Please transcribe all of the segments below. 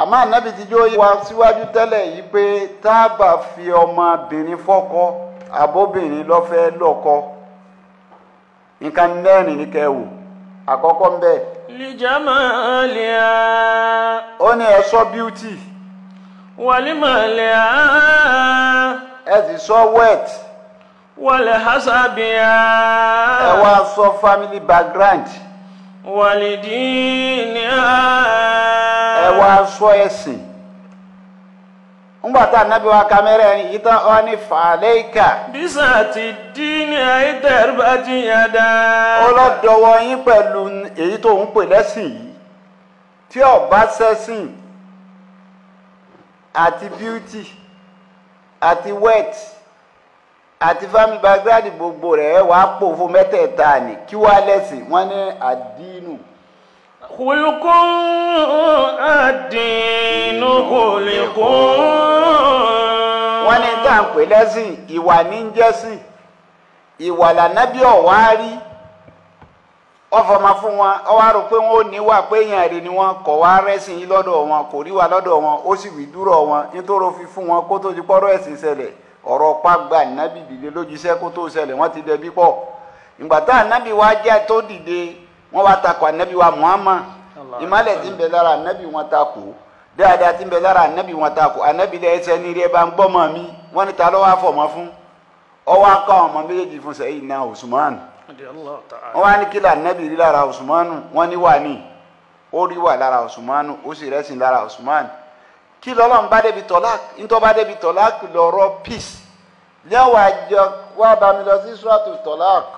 àmọ́ ànábì ti jó wá síwájú tẹ́lẹ̀ yìí pé tá a bá fi ọmọbìnrin fọ́kọ abóbìnrin lọ́fẹ́ ewu. nǹkan mẹ́rin ní kẹwù àkọ́kọ́ ń bẹ. lìjàmọ́ lìá. ó ní ẹ̀ṣọ́ bíútì. wàlímọ̀ lìá. ẹ sì sọ wet. wàlẹ̀ hasabiya. ẹ wá sọ family background. wàlìdí ni a. ẹ wá sọ ẹ̀sìn ngbàtà nàbí wa kàmẹ́rà ẹ̀yìn yìí tán ọ ní ti dín ní àìtẹ́rù bá ti yàn dáa. ó yín pẹ̀lú èyí tó ń pè lẹ́sìn yìí tí ọba sẹ́sìn àti beauty àti wet àti family background gbogbo rẹ̀ wàá pò fún mẹ́tẹ̀ẹ̀ta ni kí wàá lẹ́sìn wọ́n ní àdínù. خلق الدين خلق wọ́n ní tá à ń pè lẹ́sìn ìwà ní ìwà lànàbí ọ̀wá rí ọfọmọ fún wọn ọwọ́ àrò pé wọn ò níwà pé èèyàn rè ni wọn kọ̀ wá rẹ́sìn yín lọ́dọ̀ wọn kò ríwà lọ́dọ̀ wọn ó sì wí dúró wọn nítorí fi fún wọn kó tó ti pọ́rọ́ ẹ̀sìn ṣẹlẹ̀ ọ̀rọ̀ pàgbà nábì dìde lójúṣẹ́ kó tó ṣẹlẹ̀ wọ́n ti dẹbí pọ̀ ìgbà tá ànábì wá jẹ́ tó dìde wọ́n wá takò ànábì wa Muhammad ìmọ̀lẹ̀ tí ń bẹ lára ànábì wọn takò dáadáa tí ń bẹ lára ànábì wọn takò ànábì lẹ ẹsẹ ní ilé bá ń gbọ́mọ mi wọ́n ní ta ló wá fọmọ fún ọwọ́ akọ ọmọ méjèèjì fún sẹ́yìn náà Usman wọ́n wá ní kí lọ ànábì rí lára Usman wọ́n ní wà ní ó rí wà lára Usman ó sì rẹ́sìn lára Usman kí lọ́lọ́run bá débi tọ́lá ntọ́ bá débi tọ́lá lọ́rọ́ peace lẹ́wọ̀n àjọ wá bá mi lọ sí sùràtù tọ́lá kù.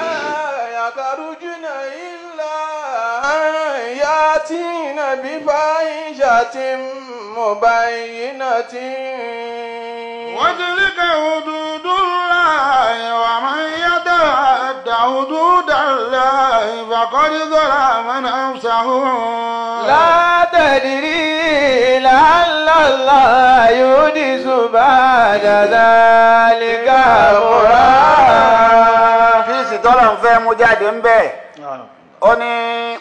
آية مبينة وتلك حدود الله ومن يتعد حدود الله فقد ظلم نفسه لا تدري لعل الله يحدث بعد ذلك أمرا. kí sì tọ́lọ̀ ń ó ní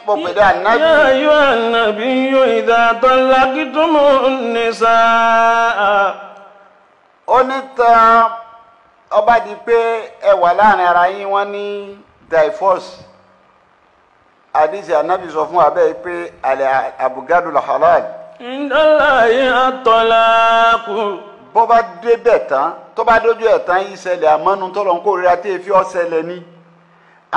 mo pèdè ànábì. yá ayọ́ ànábì yóò ìdá tọ́lá kí tó mọ̀ ní sáà. ó ní tán ọba di pé ẹ wà láàrin ara yín wọ́n ní divorce àdìsí ànábì sọ fún abẹ́ pé àlẹ́ àbùgádùn halal. ìdálàyé àtọ́lá kù. bó bá débẹ̀ tán tó bá dójú ẹ̀ tán yìí ṣẹlẹ̀ àmọ́nu tọ́lọ́ ń kórira tí èéfì ọ̀ṣẹlẹ̀ ni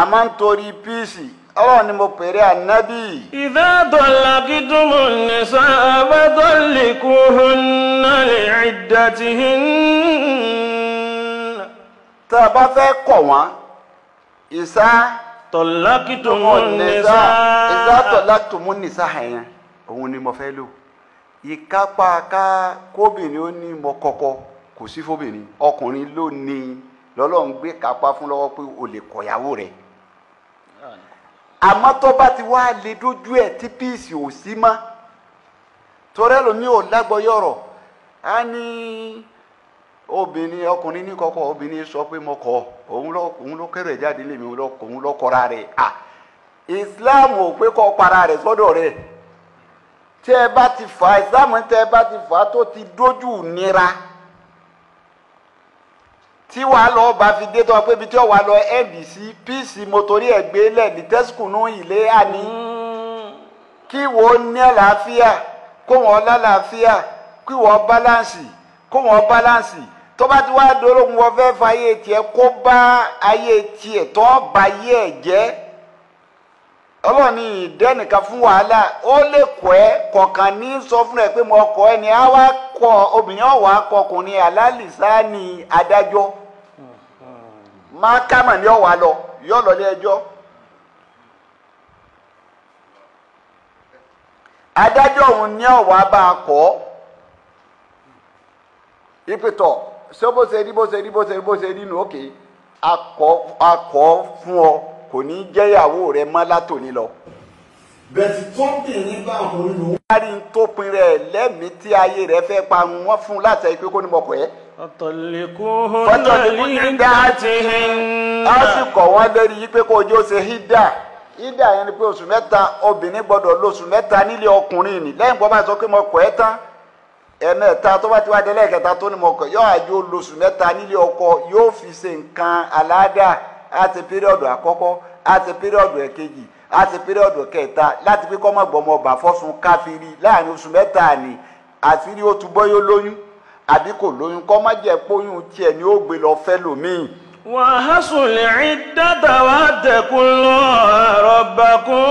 àmọ́ ń torí píìsì ọlọ́run ni mo pèrè ànábì. ìdá dọ̀là kìdùnmọ̀ nìṣà àbádọ́lẹ̀kù hùnàlẹ̀ ìdàtì hìn. tá a bá fẹ́ kọ̀ wọ́n ìsá. tọ̀lá kìdùnmọ̀ nìṣà. ìsá tọ̀lá kìdùnmọ̀ nìṣà yẹn òun ni mo fẹ́ lò ìkápá ká kóbìnrin ó ní mo kọkọ kò sí fóbìnrin ọkùnrin ló ní lọ́lọ́run gbé kápá fún lọ́wọ́ pé o lè kọ̀yàwó rẹ̀ àmọ́ tó bá ti wá lè dójú ẹ̀ tí píìsì ò sí mọ́ torí ẹlòmíì ò lágbọ́yọ̀rọ̀ á ní obìnrin ọkùnrin ní kọ́kọ́ obìnrin sọ pé mo kọ̀ òun ló òun ló kéré jáde lèmi òun ló kọ́ra rẹ̀ à Islam ò pé kọ́ para rẹ̀ sọ́dọ̀ rẹ̀ tẹ́ ẹ bá ti fà Islam tẹ́ ẹ bá ti fà tó ti dójú nira tí wàá lọ bá fi dé tó pé ibi tí ó wàá lọ ndc pc motori ẹ gbé lẹ ní tẹsíkùnú ilé àní mm. kí wo ní àlàáfíà kó wọn lálàáfíà kí wọn báláǹsì kó wọn báláǹsì tó bá ti wá dolóhùn wọn fẹ́ fa ayé tiẹ̀ kó bá ayé tiẹ̀ tó ń ba ayé ẹ̀ jẹ́ ọlọ́ọ̀ni ìdẹ́nìkan fún wàhálà ó lè kọ́ ẹ kọ̀ọ̀kan ní sọ fún ẹ pé mo kọ́ ẹ ní àwa kọ obìnrin ọ̀wà kọkùnrin àlálìsáà ní adájọ́ mákàmà ni ọ̀wà lọ yọ lọlé ẹjọ́ adájọ́ òun ní ọ̀wà bá a kọ́ ìpìtọ̀ ṣé bó ṣe rí bó ṣe rí bó ṣe rí bó ṣe rí nù ókè akọ̀ fún ọ kò ní jẹ́yàwó rẹ mọ́ látòní lọ bẹ̀tì tọ́ǹpìnrin bá òun lò. wọ́n á rí tó pin rẹ̀ lẹ́mìí tí ayé rẹ̀ fẹ́ pa wọ́n fún láti ẹ̀kọ́ kó ní mọ̀kọ́ ẹ̀ fọ́tọ̀lẹ́kùn hídà á sì kọ̀ wọ́n lérí yí pé kó ojú ó ṣe hídà hídà yẹn ni pé oṣù mẹ́ta obìnrin gbọ́dọ̀ lóṣù mẹ́ta nílé ọkùnrin nì lẹ́yìn bọ́ bá sọ pé mo kọ̀ ẹ́ tán ẹ̀mẹ́ta tó bá ti wá délẹ̀ kẹta tó ni mo kọ̀ yóò àjò lóṣù mẹ́ta nílé ọkọ yóò fi ṣe nǹkan aláàdá àti píríọ̀dù àkọ́kọ́ àti píríọ̀dù ẹ̀kejì àti píríọ̀dù kẹta láti pé kọ́mọ̀gbọ́mọ̀ bà fọ́sùn káfírí láàrin oṣù mẹ́ta ni àfírí ó tún bọ́ yóò lóyún àbí kò lóyún kọ́ má jẹ́ póyún tiẹ̀ ni ó gbé lọ fẹ́ lòmíì. وَأَحْصُلِ عِدَّةَ وَاتَّقُوا رَبَّكُمْ.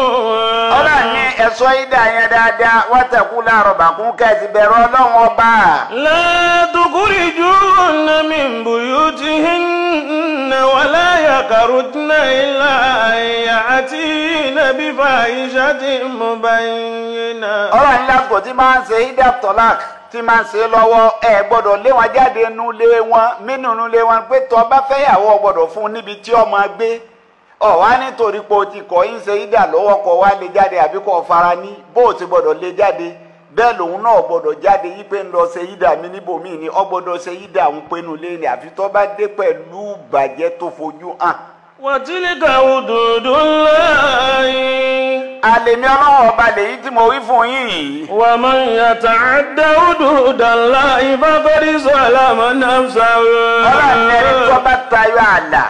ọlọ́run ní ẹ̀sọ́ ìdá yẹn dáadáa وَاتَّقُوا رَبَّكُمْ kẹ́sì bẹ̀rù ọlọ́run ọba. لَا تُخْرِجُوهُنَّ مِنْ بُيُوتِهِنَّ وَلَا يَخْرُجْنَ إِلَّا أَنْ يَأْتِينَ بِفَاحِشَةٍ مُبَيِّنَةٍ. ọlọ́run lásìkò tí máa ń ṣe ìdá tọ́lá tí máa ń ṣe lọ́wọ́ ẹ gbọ́dọ̀ lé wọn jáde nu lé wọn mínú nu lé wọn pé tó bá fẹ́ yàwó gbọ́dọ̀ fún níbi tí ọmọ gbé ọ nítorí pé o ti kọ̀ yín ṣe ìdà lọ́wọ́ kọ wá lé jáde àbí kọ fara ní bó o ti gbọ́dọ̀ lé jáde bẹ́ẹ̀ lòun náà gbọ́dọ̀ jáde yí pé ń lọ ṣe ìdà mi níbòmíì ni ọ gbọ́dọ̀ ṣe ìdà òun pinnu lé ní àfi tó bá dé pẹ̀lú bàjẹ́ tó fojú hàn. wàtílíkà òdòdó ńlá yìí. àlèmi ọlọ́run ọba lèyí tí mo wí fún yìí. wà á máa yàtà àdá òdòdó ńlá ìfáfẹ́rìsọ àlàmọ́ náà sáré. ọlọ́run ẹni tó bá tayọ àlà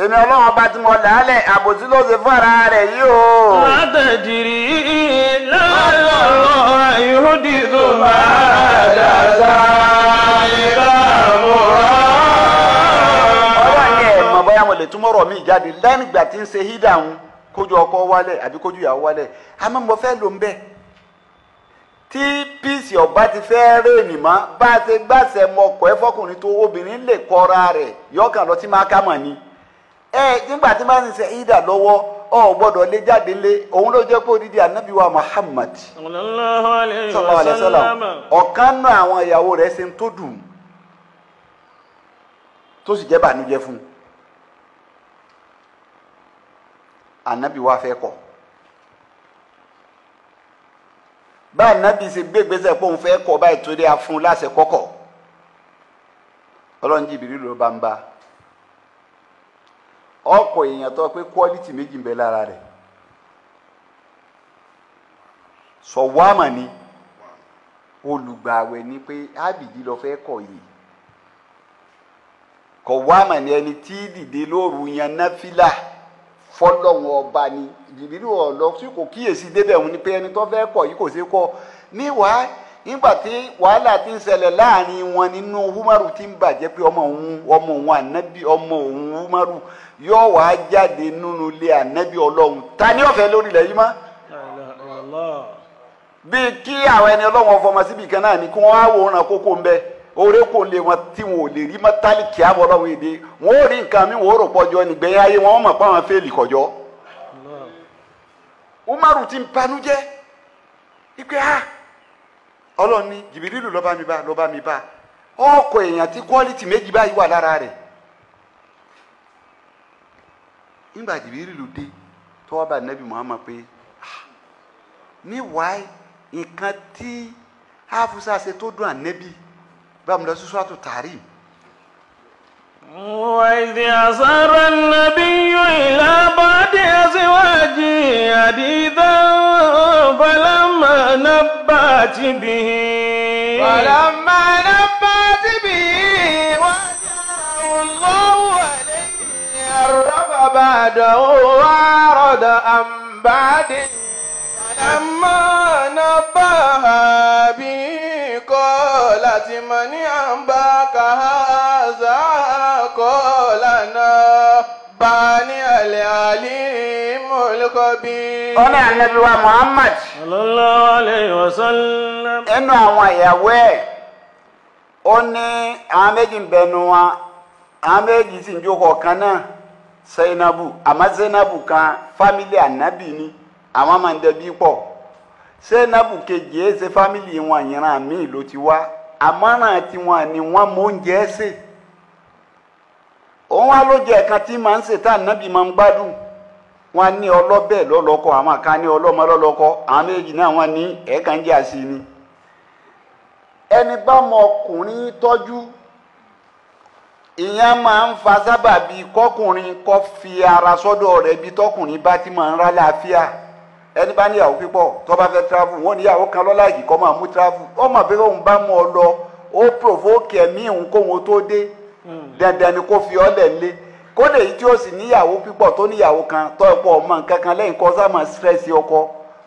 èmi ọlọ́run ọba tí mo là àbòsí ló ṣe fún ara rẹ̀ yìí o. látẹ̀jìrì láàárọ̀ ìhùdí tó máa dàgbà. táwọn lè mi jáde lẹ́yìn tí ń ṣe hídà kójú ọkọ̀ wálẹ̀ àbí kójú ìyàwó wálẹ̀ àmọ́ mo fẹ́ ló ń bẹ́ẹ̀ tí píìsì ọba ti fẹ́ rèénì bá ti gbàṣẹ mọ ẹ fọkùnrin tó obìnrin lè kọra rẹ̀ yọkàn lọ sí máa ká mọ̀ ni ẹ nígbà tí máa ń ṣe ọ gbọ́dọ̀ lé jáde lé òun ló jẹ́ pé odidi anabi wa Muhammad ànábì wa fẹ́ kọ̀ bá ànábì ṣe gbé gbèsè pé òun fẹ́ a fún ló bá ń bá èèyàn tó pé quality méjì ń bẹ lára rẹ̀ sọ̀wámà ni olùgbàwẹ̀ ni pé ábìdí lọ fẹ́ kọ̀ yìí ni ẹni tí dìde lóru yan náfìlà. fọlọ́wọ́ ọba ni jìbìrì ọ̀lọ́ tí kò kíyèsí débẹ̀ òun ni pé ẹni tó fẹ́ kọ̀ yìí kò ṣe kọ́ níwàá nígbà tí wàhálà ti ń ṣẹlẹ̀ láàrin wọn nínú húmárù ti ń bàjẹ́ pé ọmọ òun ọmọ òun ànábì ọmọ òun húmárù yóò wá jáde nínú ilé ànábì ọlọ́run ta ni ọ̀fẹ́ lórí ilẹ̀ yìí mọ́. bíi kí àwọn ẹni ọlọ́run ọfọmọ síbi kan náà ni kí wọ́n á wòran kókó ń bẹ́ẹ̀. oore kò lè wọn tí wọn ò lè rí mọ́tálíkì àbọ̀ ọlọ́run èdè wọn ò rí nǹkan mi wọn ò rò pọ̀jọ́ ayé wọn mọ̀ pé àwọn fẹ́ẹ̀lì kọjọ́. umaru ti ń banújẹ́ ipe a ah, ọlọni jìbìrìlù lọba mi mi èèyàn ti quality méjì báyìí wà lára nígbà jìbìrìlù dé tọ́wọ́ bá hafusa ah, ṣe tó بام لا سورة التحريم وإذ أصر النبي إلى بعد أزواجه حديثا فلما نبأت به فلما نبأت به وجاءه الله عليه الرب بعده وارد أم بعده فلما نبات به من أنباك هذا قولنا باني العليم الخبير أنا النبي محمد صلى ẹnu àwọn ìyàwó ó ní àwọn méjì ń bẹnu wa àwọn méjì sì ń jókòó kan náà Zainabu àmọ́ Zainabu kan fámílì ànábì ni àwọn máa ń dẹbi kejì ṣe wọn àmọ́ràn tiwọn ni wọ́n mọ oúnjẹ ṣe òun wá ló jẹ ẹ̀kan tí màá ń ṣe tá ànábì máa ń gbádùn wọn ní ọlọ́bẹ̀ lọ́lọ́kọ àwọn kan ní ọlọ́mọ lọ́lọ́kọ àwọn méjì náà wọn ní ẹ̀ẹ̀kan ń jẹ́ àṣì ni ẹni bá mọ ọkùnrin tọ́jú ìyẹn máa ń fa sábàbí kọkùnrin kó fi ara sọdọ rẹ bí tọkùnrin bá ti máa ń rálá àfíà. ẹni bá níyàwó pípọ̀ tó bá fẹ́ travel wọn níyàwó kan lọ́láìkì kọ́ máa mú travel ọmọ bí òun bá mú ọ lọ ó provoke ẹ̀mí òun tó dé hmm. dandan ni kó fi ọ́ lẹ̀ lé kódà èyí tí ó sì níyàwó pípọ̀ tó kan tó ọ̀pọ̀ ọmọ nǹkan kan lẹ́yìn kọ́ stress ọkọ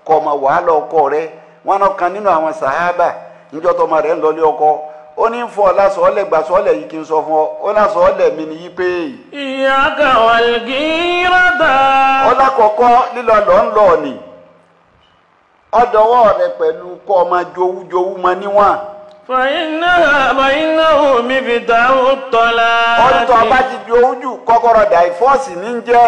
kọ́ ọmọ wàhálà ọkọ rẹ wọn náà kan nínú àwọn sàhábà níjọ́ rẹ ń ọkọ ó ní fún ọ lásán ọlẹ ọlẹ yìí n sọ fún ọ ó lásán ọlẹ mi ọdọwọ rẹ pẹlú kọ ma jowu jowu ma niwa. fàyínà fàyínà omi fìdá ó tọ́lá. ó tọ́ bá ti jowu jù kọ́kọ́rọ̀ dàí fọ́ọ̀sì ní jẹ́.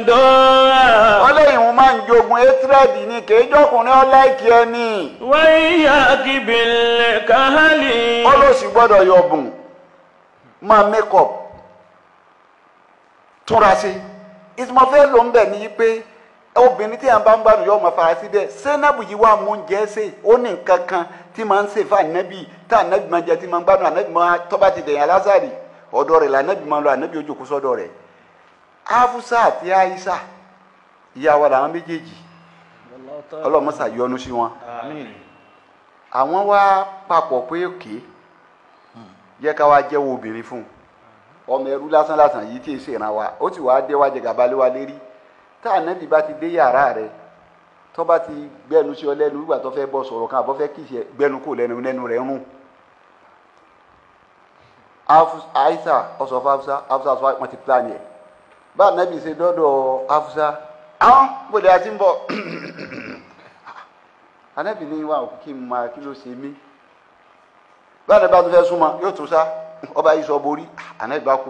dọ́ a. wọ́n ma máa ń jogun étírẹ́dì ni kì í jọkùnrin ọlẹ́kì ẹni. wáyé kìbìlẹ̀ káhálì. ó gbọ́dọ̀ yọ̀bùn máa mẹ́kọ̀ túnra sí ìtumọ̀ fẹ́ ló ń bẹ̀ ní a bá ń bá nù yọ ọmọ farasi sẹ́nàbù yìí wà mú oúnjẹ ṣe ó ní nǹkan kan tí máa ń ṣe fún ànábì tá ànábì máa jẹ tí máa ń ànábì máa ti dẹ̀yìn alásàrì hafusa àti aisha ìyá wa làwọn méjèèjì ọlọmọsà yọ́nú sí wọn àwọn wá papọ̀ pé òkè yẹ ká wá jẹ́wọ́ obìnrin fún ọmọ ẹrú lásán lásán yìí tí ì ṣèràn wa ó sì wá dé wá jẹ gàbálẹ́ wa lérí tá ànábì bá ti dé yàrá rẹ̀ tó bá ti gbẹnu sí ọ lẹ́nu nígbà tó fẹ́ bọ́ sọ̀rọ̀ kan àbọ̀ fẹ́ kì í ṣe gbẹnu kò lẹ́nu lẹ́nu rẹ̀ ń rùn aisa ọsọ fún afusa afusa sọ wọn ti plan yẹ bá ànábì ṣe dọ́dọ̀ hafusa àwọn gbòdè àti ń bọ̀ ànábì ní wa òkú kí n kí ló ṣe mí bá ànábì àti yóò tún ọba yìí sọ borí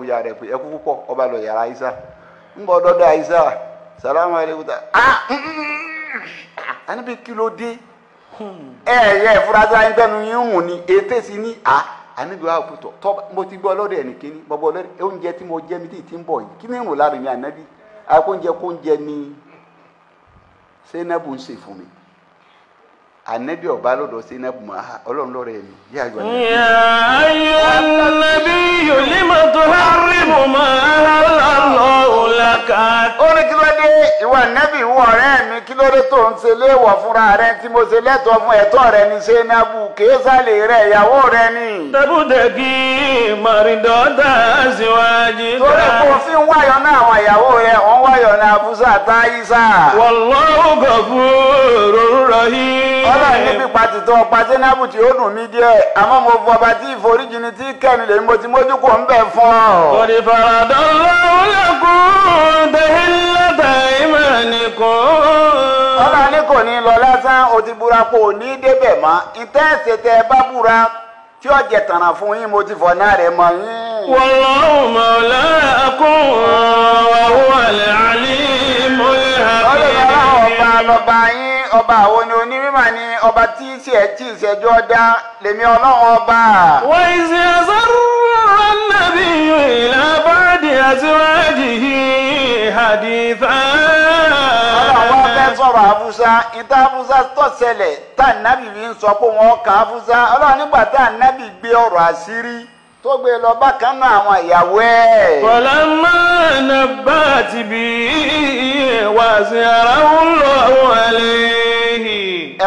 ya rẹ̀ pé ẹkú púpọ̀ ọba lọ yàrá ayisa ń ayisa salamu aleykum ta kí ló dé hmm. ẹ ẹ tẹnu yín ni ètè ah, ànábi wa kò tọ̀ mo ti gbọ́ lọ́dọ̀ ẹnì kíní mo bọ́ lọ́dọ̀ oúnjẹ mo jẹ́ mi tí ti ń bọ̀ yìí kí mo lára mi ànábi akóúnjẹ kóúnjẹ ni sẹ́nẹ́bù ń ṣe fún mi ànábi ọba lọ́dọ̀ sẹ́nẹ́bù mọ́ ha ọlọ́run lọ́rọ̀ ẹ̀mí yé àjọ ayé ànábi yóò ní tó hárí mo máa lọ́ọ́ lọ́ọ́ ó ní kí ló dé ìwà ànáb ìwọ ọ̀rẹ́ mi kí ló dé tó ń ṣe léèwọ̀ fúnra rẹ tí mo ṣe lẹ́tọ̀ọ́ fún ẹ̀tọ́ rẹ ní ṣe nábù kéésàlè rẹ ìyàwó rẹ ni. tẹ́bùtẹ́kì mọ̀rìndọ́tà síwájú dá. torí kò fi ń wáyọ̀ náà àwọn ìyàwó rẹ òun wáyọ̀ náà abúsà táyísà. wallahu ghafurur rahim. ọlọ́run ní pípa tìtọ́ ọ̀pá sẹ́nábù tí ó dùn mí díẹ̀ àmọ́ mo fọ ọba tí ìforíjì ni kan. ọlọ́run ní kò ní lọ lásán o ti búra ní débẹ̀ mọ́ ìtẹ́sẹ̀ bá búra tí ó jẹ tànà fún yín mo ti náà rẹ̀ mọ́ yín. wallahu mawlaakum wa huwa al-alimul ọba lọ́ba yín ọba àwọn onímọ̀ ni ọba tí lèmi ọlọ́run ọba. wọ́n àṣàrò nàbí di sọ̀rọ̀ àfúsá ìta àfúsá tọ̀sẹ̀lẹ̀ tá ànábì fi ń sọ pé wọ́n kà àfúsá ọlọ́run nígbà tá ànábì gbé ọ̀rọ̀ àṣírí lọ bákan náà àwọn ìyàwó ẹ̀. kọ̀lámà náà bá ti bí sí ara ń lọ àwọn ẹlẹ́yìn.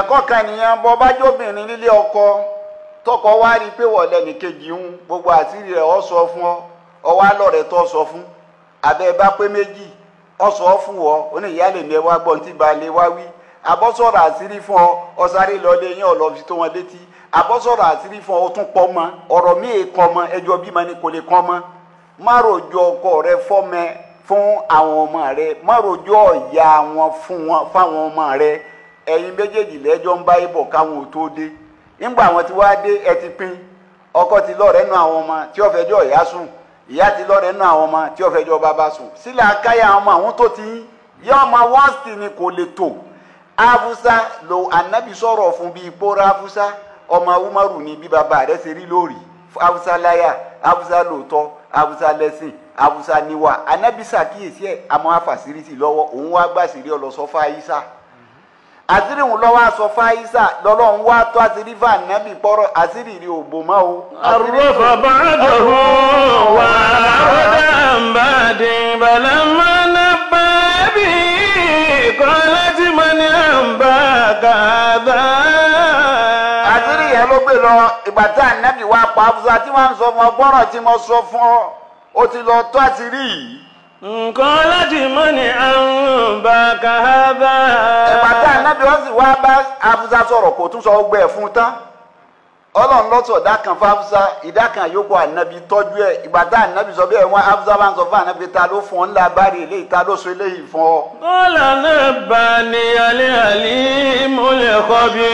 ẹ̀kọ́ kan nìyẹn bọ́ ọkọ tọkọ wá rí gbogbo àṣírí rẹ̀ fún ọ ọ tó sọ fún ọsọ fún ọ oníyàlè ni ẹ wá gbọ́ tí baálé wá wí abọ́sọ̀rọ̀ àṣírí fún ọ ọ̀sáré yín tó wọn létí abọ́sọ̀rọ̀ àṣírí fún ọ tún pọ̀ mọ́ ọ̀rọ̀ mi è kàn mọ́ ẹjọ́ bímọ ni kò lè mọ́ ọkọ rẹ fọ́mẹ fún àwọn ọmọ rẹ má rojọ́ fún ọmọ rẹ ẹ̀yin méjèèjì lẹ́jọ́ ń bá ibọ̀ káwọn ò tó dé nígbà wọn ti wá dé ẹ ti ọkọ ti ìyá ti lọ́rẹ̀ nínú àwọn ọmọ tí ọ̀fẹ́ jọ bàbá sùn sílẹ̀ akáyà ọmọ àwọn tó ti yá ọmọ wọ́ọ̀sì ni kò lè tò afusa lo anabi sọ̀rọ̀ fún bíi pọ́ra afusa ọmọ umaru ni bí bàbá rẹ̀ ṣe rí lórí afusa láyà afusa lòótọ́ afusa lẹ́sìn afusa níwà anabi sàkíyèsí ẹ̀ àmọ́ afàṣírí sí lọ́wọ́ òun wá gbàṣírí ọlọ́sọ́fà isa àṣírí òun lọ́wọ́ aṣọ fáyísà lọ́lọ́run wá tó àṣírí fà nábì pọ́rọ̀ àṣírí rí òbò mọ́ o. àrùbọ̀fà bá dòwò wà lọ́dà bá dé bàlá máa ná bá bí kọ́ láti mọ ní àǹbá kàdá. àṣírí yẹn ló gbé lọ ìgbà tá ànábì wá pa àfúsà tí wọ́n ń sọ fún ọ tí mo sọ fún ọ ó ti lọ tó àṣírí yìí. nǹkan láti mọ́ ni àrùn bá ha bá. ẹ̀pàtà nábì wọ́n sì wá bá afusa ọlọ́run lọ́tọ̀ ìdá kan fún afusa ìdá kan yòókù ànábi tọ́jú ẹ̀ ìgbà tá ànábi sọ bí wọ́n afusa bá ń sọ fún ànábi ta ló fún ọ ńlá bárẹ̀ eléyìí ta ló so eléyìí fún ọ. kọ́lá náà bá ní alẹ́ àlí mo lè kọ́ bí.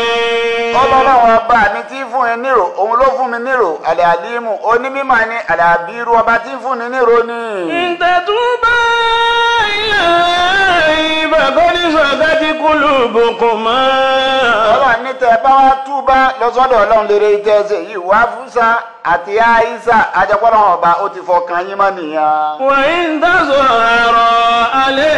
ọlọ́run ọba mi ti fún ẹ nírò òun ló fún mi nírò àlẹ́ àlímù onímọ̀ ni àlẹ́ ọba ti fún ni nírò ni. ǹtẹ̀tún bá ilẹ̀ fàkọ́dí sọ̀tà ti kú lùbù kò mọ́. ọlọ́run ní tẹ bá wá túbá lọ́sọ́dọ̀ ọlọ́run lè tẹ ṣe yìí wá fúnṣà àti àìsà ọba ó ti fọkàn yín mọ́ ń tàṣọ àrọ̀ alẹ́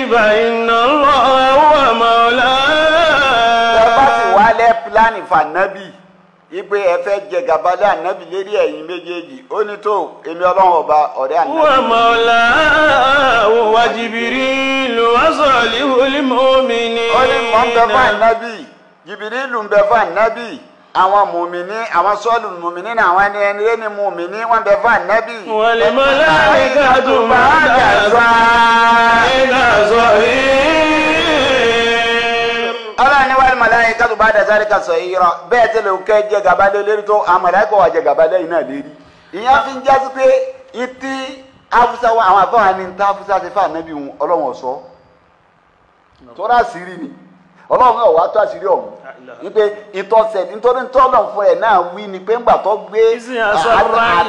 ìbà iná lọ́wọ́ wálẹ̀ ipe ẹfẹ jẹ gàba lé ànábì lérí ẹ̀yin méjèèjì ó ní tó èmi Ọlọ́run ọba ọ̀rẹ́ ànábì. wà á mọ̀lá wà jìbìrì ló wá sọ̀rọ̀ líhùlí mọ́mí ó ní mọ̀ ń bẹ fún ànábì jìbìrì lù ń bẹ fún ànábì àwọn mùmíní àwọn sọ́ọ̀lù mùmíní ní àwọn ẹni ẹni ẹni mùmíní wọ́n bẹ fún ànábì. wọ́n lè mọ láàrin ká tó máa dà sọ́ọ́ ọlọ́run ní wàlúù màláyé kátó bá dà sáré kasọ̀ yìí rọ bẹ́ẹ̀ tí lè kẹ́ jẹ gàba lé lérí tó àwọn màláyé kọ́ wà jẹ gàba lẹ́yìn náà lérí ìyẹn fi ń jásí pé ìtì afusa wa àwọn àfọwọ́ ni ta afusa ti fa ànábì wọn ọlọ́run ọ̀sọ́ tọ́lá àṣírí ni ọlọ́run náà wàá asiri àṣírí ọ̀hún wípé ìtọ́sẹ̀ nítorí tọ́lọ̀ fún ẹ̀ náà wí ni pé ńgbà tó gbé àtàrà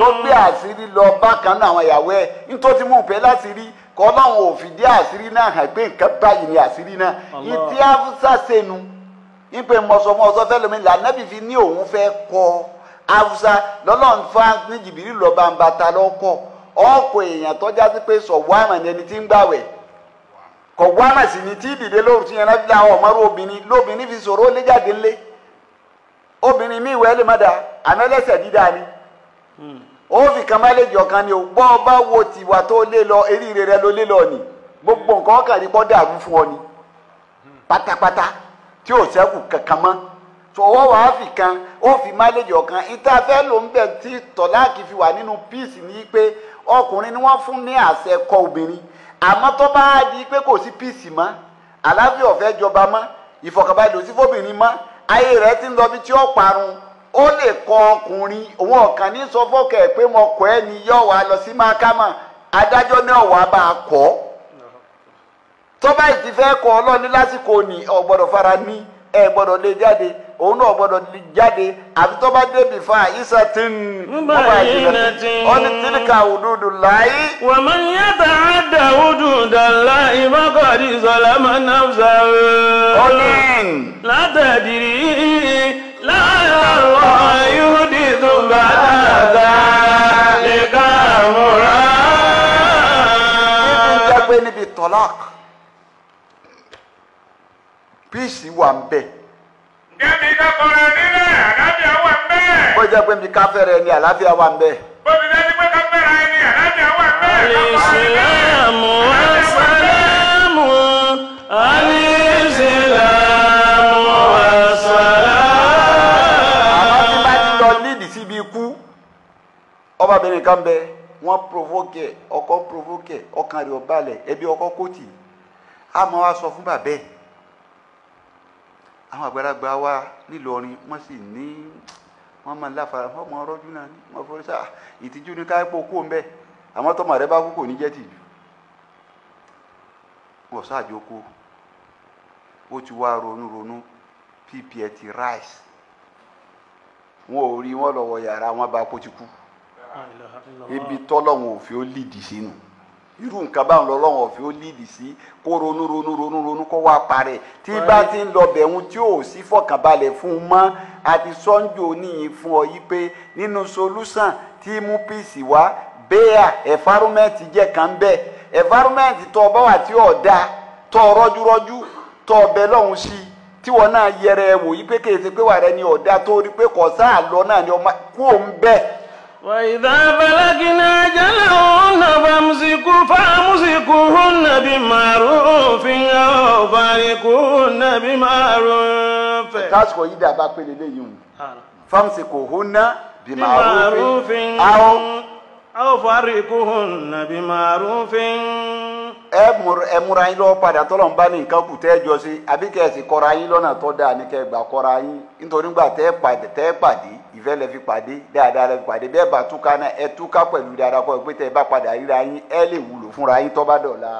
tó gbé lọ bákan náà àwọn ìyàwó ẹ̀ nítorí mú un kọ́lọ́hún ò fìdí àṣírí náà hàn pé nǹkan báyìí ni àṣírí náà ìtí haúsá sẹ́nu ìpè mọ̀sọ̀mọ̀ ọ̀sọ́ fẹ́ lómi lànàbì fi ní òun fẹ́ kọ haúsá lọ́lọ́run fáwọn ní jìbìrì lọ bàǹbà ta lọ́kọ̀ ọkọ̀ èèyàn tọ́já sí pé sọ̀wọ́ àmọ̀ ni ẹni tí ń gbàwẹ̀ kọ̀wọ́ àmọ̀ ni tí ìdìde lóru ti yẹn láti dá àwọn ọmọrú obìnrin lóbìnrin fi sọ̀rọ̀ ó lé jáde ńlé obìnrin míì wẹ́ẹ́ lè má dáa dídá ni. Hmm. ó fi kan máìlèjì ọ̀kan ni o ọba wo tìwà tó lé lọ eríire rẹ ló lé lọ ni gbogbo nǹkan ọkàn ní bọ́ dàrú fún ọ ni pátápátá tí ò sẹ́kù kankan mọ́ tó ọwọ́ wàá fi kan ó fi máìlèjì ọ̀kan ìtafẹ́ ló ń bẹ̀ tí tọ́láàkì fi wà nínú píìsì ní pé ọkùnrin ni wọ́n fún ní àṣẹ kọ obìnrin àmọ́ tó bá di pé kò sí píìsì mọ́ àlàáfíà ọ̀fẹ́ jọba mọ́ ìfọ̀kànbalẹ̀ òsínfòbìnrin mọ́ ayé rẹ̀ ti ń lọ bí tí ó ó lè kọ ọkùnrin òun ọ̀kan ní sọ fọ́kẹ́ pé mo kọ́ ẹ ní yọ wá lọ sí mákàmà adájọ́ náà wàá bá a kọ́ tọ́ba ìtì fẹ́ ọlọ́ọ̀ni lásìkò ní ọ̀gbọ́dọ̀ fara ní ẹ gbọ́dọ̀ lè jáde òun náà gbọ́dọ̀ lè jáde àti tọ́ba débi fa àyíṣà tí ń mú báyìí ọ̀nì tìlíkà òdòdó láyé. wà á máa ń yàtọ̀ àdá òdòdó ńlá ìbákọ̀ọ́dì sọ̀lá náà sáré. ọ̀nì. tọ́lák peace wà ń bẹ̀. ǹjẹ́ mi ká kọrẹ nílẹ̀ àlàáfíà wà ń bẹ̀. bó jẹ́ pé mi ká fẹ́rẹ̀ ẹni àlàáfíà wà ń bẹ̀. bó ti dẹ́ni pé ká fẹ́rẹ̀ ẹni àlàáfíà wà ń bẹ̀. alìsílámù asàlámù alìsílámù asàlámù. àwọn tí bá ti lọ lídìí síbi ikú ọmọbìnrin kan bẹ́ẹ̀. wọn provoke ọkọ provoke ọkàn rẹ̀ ọ̀balẹ̀ ẹbí ọkọ kòtì a máa wá sọ fún bàbẹ́ àwọn àgbàlagbà wa nílọrin wọ́n sì ní wọ́n máa láfara wọ́n máa rọ́jú náà ní wọ́n fọ́rí sáà ìtìjú ní ká amatọ ma òǹbẹ́ àwọn tọ́mọ rẹ bá ti wá pp ẹ e ti rice wọn ò rí wọn lọ yàrá wọn bá ibi tọ́lọ́hún òfin ó lìdí sínú irú nǹkan báwọn lọ́lọ́hún òfin ó lìdí sí kó ronú ronú ronú ronú kó wá parẹ́ tí bá ti ń lọ bẹ̀rùn tí ò sí fọkànbalẹ̀ fún un mọ́ àti sọ́njò níyì fún ọ yí pé nínú solúsàn tí mú píìsì wá bẹ́ẹ̀ environment jẹ́ kan bẹ́ẹ̀ environment tó o bá wà tí ò da tó o rọ́júrọ́jú tó o bẹ lọ́hún sí tí wọn náà yẹrẹ wò yí pé kéde pé wà rẹ ni ọ̀dà tó pé kọ̀ọ̀sán àlọ́ náà ni ọmọ kú òun bẹ́ẹ̀ وإذا بلغنا أجلهن فامسكوا فامسكوهن بمعروف أو فارقوهن بمعروف. تاسكو يدا باكو لليون. فامسكوهن بمعروف أو aw farikuhunna bimarufin. ẹ múra ẹ múra yín lọ padà tọ́lọ̀ ń bá ní nǹkan kù tẹ́ ẹ jọ sí àbí kẹ́ ẹ sì kọ́ra yín lọ́nà tó dáa ní kẹ́ ẹ gbà kọ́ra yín ẹ pàdé tẹ́ pàdé ìfẹ́ pàdé dáadáa pàdé bẹ́ẹ̀ ẹ túká pẹ̀lú dáadáa kọ́ ẹ pé tẹ́ ẹ bá padà ríra ẹ lè wúlò fúnra yín bá dọ̀la.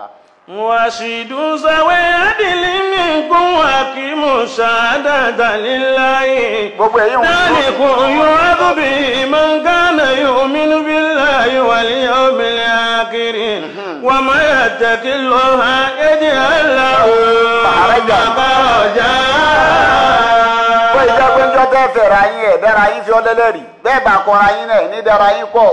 واشهدوا ذوي عدل منكم واقيموا الشهادة لله ذلكم يوعظ به من كان يؤمن بالله واليوم الآخر وما يتق الله يجعل له مخرجا ọlọ́run ìjọ pé njọ́ tẹ́ fẹ̀rẹ̀ ayín ẹ̀ dára yín fi ọlẹ́lẹ́ rì bẹ́ẹ̀ bá kọra yín náà ní dára yín pọ̀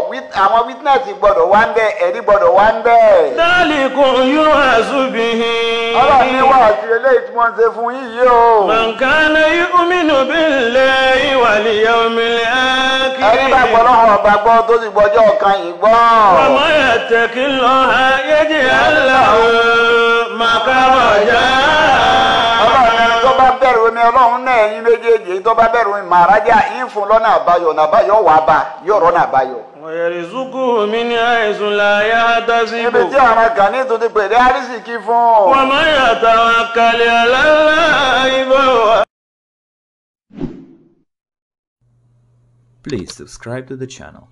àwọn witness gbọ́dọ̀ wá ń bẹ́ ẹ̀rí gbọ́dọ̀ wá ń bẹ́. dálì kò yún àṣùbì yín. ọlọ́run ní wàá ju eléyìí tí wọ́n ṣe fún yín yìí o. mọ̀nkánná yúmínú bí lẹ̀ ìwàlì yọmílẹ̀ ákìrì. ẹni bá gbọ́ ọba gbọ́ tó sì gbọ́jọ́ kan yìí gbọ́. ọmọ yàtẹ̀kí lọ́ bẹ̀rù mi ọlọ́run náà ẹ̀yin méjèèjì tó bá bẹ̀rù mi màrájà yín lọ́nà àbáyọ ọ̀nà àbáyọ wà bá yóò rọ́nà àbáyọ. ọ̀yẹ̀rì zukú mi ní àìsùn láyé àtàsíkò. ibi tí àwọn kan ní tuntun pèlè àrísìkí fún. wọ́n máa yàtọ̀ àkàlẹ̀ aláàlá ibà wà. Please subscribe to the channel.